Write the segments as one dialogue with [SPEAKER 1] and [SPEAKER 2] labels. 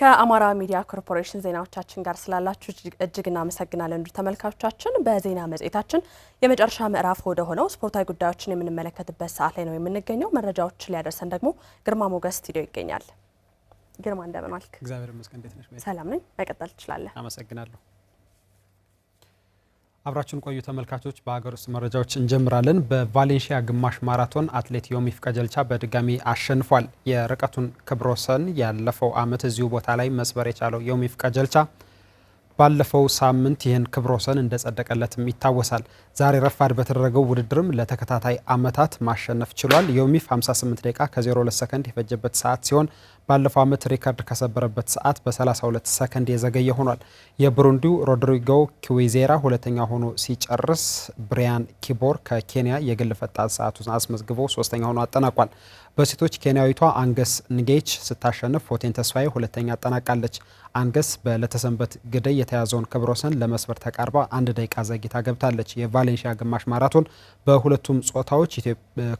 [SPEAKER 1] ከአማራ ሚዲያ ኮርፖሬሽን ዜናዎቻችን ጋር ስላላችሁ እጅግ እናመሰግናለን። እንዱ ተመልካቾቻችን በዜና መጽሔታችን የመጨረሻ ምዕራፍ ወደ ሆነው ስፖርታዊ ጉዳዮችን የምንመለከትበት ሰዓት ላይ ነው የምንገኘው። መረጃዎችን ሊያደርሰን ደግሞ ግርማ ሞገስ ስቱዲዮ ይገኛል። ግርማ እንደምን ዋልክ?
[SPEAKER 2] እግዚአብሔር ይመስገን። እንዴት ነሽ?
[SPEAKER 1] ሰላም ነኝ። መቀጠል ትችላለህ።
[SPEAKER 2] አመሰግናለሁ። አብራችን ቆዩ ተመልካቾች። በሀገር ውስጥ መረጃዎች እንጀምራለን። በቫሌንሺያ ግማሽ ማራቶን አትሌት ዮሚፍ ቀጀልቻ በድጋሚ አሸንፏል። የርቀቱን ክብረ ወሰን ያለፈው ዓመት እዚሁ ቦታ ላይ መስበር የቻለው ዮሚፍ ቀጀልቻ ባለፈው ሳምንት ይህን ክብረ ወሰን እንደጸደቀለትም ይታወሳል። ዛሬ ረፋድ በተደረገው ውድድርም ለተከታታይ ዓመታት ማሸነፍ ችሏል። ዮሚፍ 58 ደቂቃ ከ02 ሰከንድ የፈጀበት ሰዓት ሲሆን ባለፈው ዓመት ሪከርድ ከሰበረበት ሰዓት በ32 ሰከንድ የዘገየ ሆኗል። የብሩንዲው ሮድሪጎ ኪዌዜራ ሁለተኛ ሆኖ ሲጨርስ ብሪያን ኪቦር ከኬንያ የግል ፈጣን ሰዓቱን አስመዝግቦ ሶስተኛ ሆኖ አጠናቋል። በሴቶች ኬንያዊቷ አንገስ ንጌች ስታሸንፍ ፎቴን ተስፋዬ ሁለተኛ አጠናቃለች። አንገስ በለተሰንበት ግደይ የተያዘውን ክብረ ወሰን ለመስበር ተቃርባ አንድ ደቂቃ ዘግይታ ገብታለች። የቫሌንሺያ ግማሽ ማራቶን በሁለቱም ጾታዎች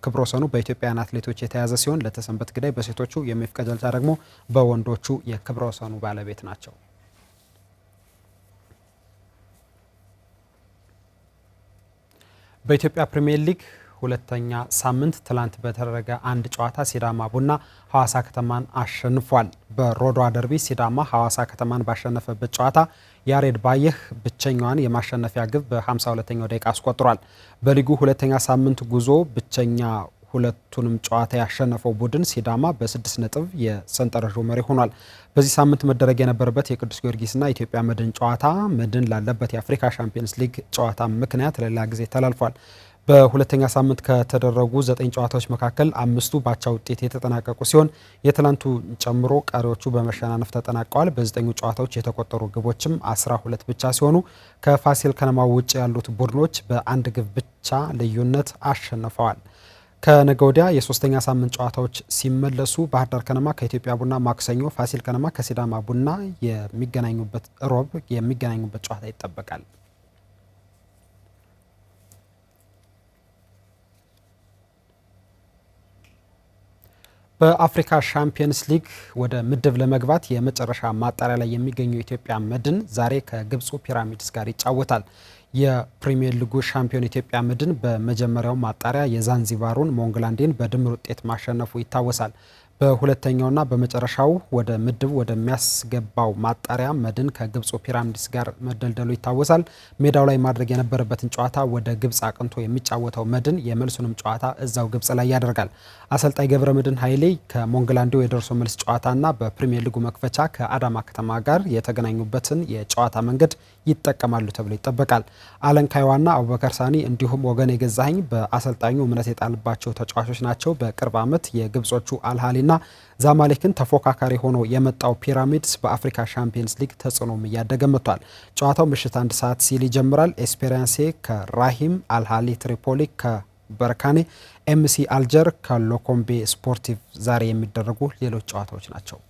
[SPEAKER 2] ክብረ ወሰኑ በኢትዮጵያውያን አትሌቶች የተያዘ ሲሆን ለተሰንበት ግደይ በሴቶቹ የሚፍቀጀልጫ ደግሞ በወንዶቹ የክብረ ወሰኑ ባለቤት ናቸው። በኢትዮጵያ ፕሪምየር ሊግ ሁለተኛ ሳምንት ትላንት በተደረገ አንድ ጨዋታ ሲዳማ ቡና ሐዋሳ ከተማን አሸንፏል። በሮዷ ደርቢ ሲዳማ ሐዋሳ ከተማን ባሸነፈበት ጨዋታ ያሬድ ባየህ ብቸኛዋን የማሸነፊያ ግብ በ52ኛው ደቂቃ አስቆጥሯል። በሊጉ ሁለተኛ ሳምንት ጉዞ ብቸኛ ሁለቱንም ጨዋታ ያሸነፈው ቡድን ሲዳማ በስድስት ነጥብ የሰንጠረዡ መሪ ሆኗል። በዚህ ሳምንት መደረግ የነበረበት የቅዱስ ጊዮርጊስና ኢትዮጵያ መድን ጨዋታ መድን ላለበት የአፍሪካ ሻምፒየንስ ሊግ ጨዋታ ምክንያት ለሌላ ጊዜ ተላልፏል። በሁለተኛ ሳምንት ከተደረጉ ዘጠኝ ጨዋታዎች መካከል አምስቱ ባቻ ውጤት የተጠናቀቁ ሲሆን የትላንቱ ጨምሮ ቀሪዎቹ በመሸናነፍ ተጠናቀዋል። በዘጠኙ ጨዋታዎች የተቆጠሩ ግቦችም አስራ ሁለት ብቻ ሲሆኑ ከፋሲል ከነማ ውጭ ያሉት ቡድኖች በአንድ ግብ ብቻ ልዩነት አሸንፈዋል። ከነገ ወዲያ የሶስተኛ ሳምንት ጨዋታዎች ሲመለሱ ባህር ዳር ከነማ ከኢትዮጵያ ቡና ማክሰኞ፣ ፋሲል ከነማ ከሲዳማ ቡና የሚገናኙበት ሮብ የሚገናኙበት ጨዋታ ይጠበቃል። በአፍሪካ ሻምፒየንስ ሊግ ወደ ምድብ ለመግባት የመጨረሻ ማጣሪያ ላይ የሚገኘው የኢትዮጵያ መድን ዛሬ ከግብፁ ፒራሚድስ ጋር ይጫወታል። የፕሪሚየር ሊጉ ሻምፒዮን ኢትዮጵያ መድን በመጀመሪያው ማጣሪያ የዛንዚባሩን ሞንግላንዴን በድምር ውጤት ማሸነፉ ይታወሳል። በሁለተኛውና በመጨረሻው ወደ ምድብ ወደሚያስገባው ማጣሪያ መድን ከግብፁ ፒራሚድስ ጋር መደልደሉ ይታወሳል። ሜዳው ላይ ማድረግ የነበረበትን ጨዋታ ወደ ግብፅ አቅንቶ የሚጫወተው መድን የመልሱንም ጨዋታ እዛው ግብፅ ላይ ያደርጋል። አሰልጣኝ ገብረ መድን ኃይሌ ከሞንግላንዴው የደርሶ መልስ ጨዋታና በፕሪሚየር ሊጉ መክፈቻ ከአዳማ ከተማ ጋር የተገናኙበትን የጨዋታ መንገድ ይጠቀማሉ ተብሎ ይጠበቃል። አለን ካይዋና አቡበከር ሳኒ እንዲሁም ወገን የገዛኸኝ በአሰልጣኙ እምነት የጣልባቸው ተጫዋቾች ናቸው። በቅርብ ዓመት የግብጾቹ አልሃሊና ዛማሌክን ተፎካካሪ ሆኖ የመጣው ፒራሚድስ በአፍሪካ ሻምፒየንስ ሊግ ተጽዕኖም እያደገ መጥቷል። ጨዋታው ምሽት አንድ ሰዓት ሲል ይጀምራል። ኤስፔራንሴ ከራሂም አልሃሊ ትሪፖሊ ከበርካኔ ኤምሲ አልጀር ከሎኮምቤ ስፖርቲቭ ዛሬ የሚደረጉ ሌሎች ጨዋታዎች ናቸው።